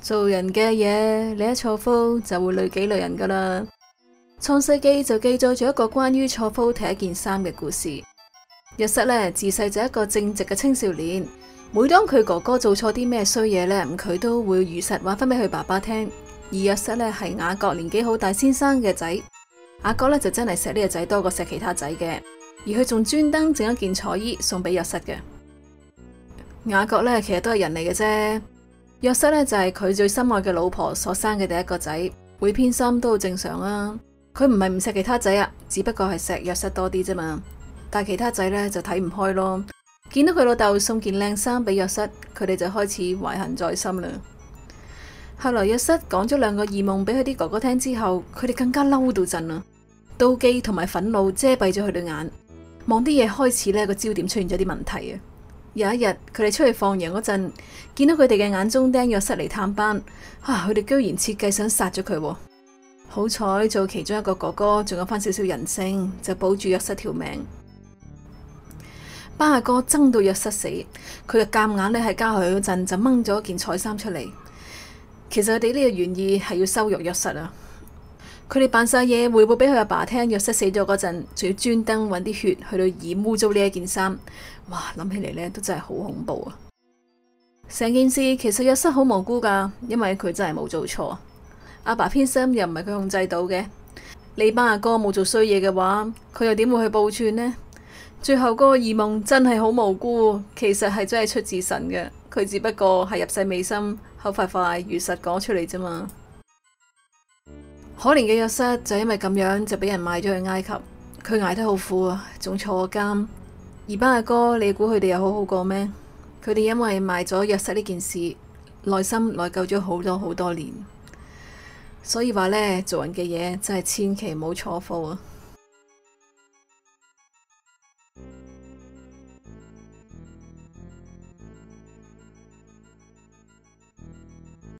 做人嘅嘢，你一錯夫就會累己累人噶啦。創世紀就記載咗一個關於錯夫睇一件衫嘅故事。約瑟呢自細就一個正直嘅青少年，每當佢哥哥做錯啲咩衰嘢呢，佢都會如實話翻俾佢爸爸聽。而約瑟呢係雅各年紀好大先生嘅仔，雅各呢就真係錫呢個仔多過錫其他仔嘅，而佢仲專登整一件彩衣送俾約瑟嘅。雅各呢其實都係人嚟嘅啫。若瑟咧就係、是、佢最心愛嘅老婆所生嘅第一個仔，會偏心都好正常啊！佢唔係唔錫其他仔啊，只不過係錫若瑟多啲啫嘛。但係其他仔咧就睇唔開咯，見到佢老豆送件靚衫俾若瑟，佢哋就開始懷恨在心啦。後來若瑟講咗兩個異夢俾佢啲哥哥聽之後，佢哋更加嬲到震啊。妒忌同埋憤怒遮蔽咗佢對眼，望啲嘢開始咧、個焦點出現咗啲問題啊！有一日，佢哋出去放羊嗰陣，見到佢哋嘅眼中釘約瑟嚟探班，吓佢哋居然設計想殺咗佢。好彩做其中一個哥哥，仲有翻少少人性，就保住約瑟條命。班阿哥憎到約瑟死，佢就夾硬咧喺家。佢嗰陣就掹咗件彩衫出嚟。其實佢哋呢個原意係要收肉約瑟啊。佢哋扮晒嘢，回報俾佢阿爸聽，若瑟死咗嗰陣，仲要專登揾啲血去到染污糟呢一件衫。哇，諗起嚟呢都真係好恐怖啊！成件事其實若瑟好無辜噶，因為佢真係冇做錯。阿爸偏心又唔係佢控制到嘅，你班阿哥冇做衰嘢嘅話，佢又點會去報串呢？最後嗰個異夢真係好無辜，其實係真係出自神嘅，佢只不過係入世未深，口快快如實講出嚟啫嘛。可憐嘅約瑟就因為咁樣就俾人賣咗去埃及，佢挨得好苦啊，仲坐監。二班阿哥，你估佢哋又好好過咩？佢哋因為賣咗約瑟呢件事，內心內疚咗好多好多年。所以話呢，做人嘅嘢真係千祈唔好錯付啊！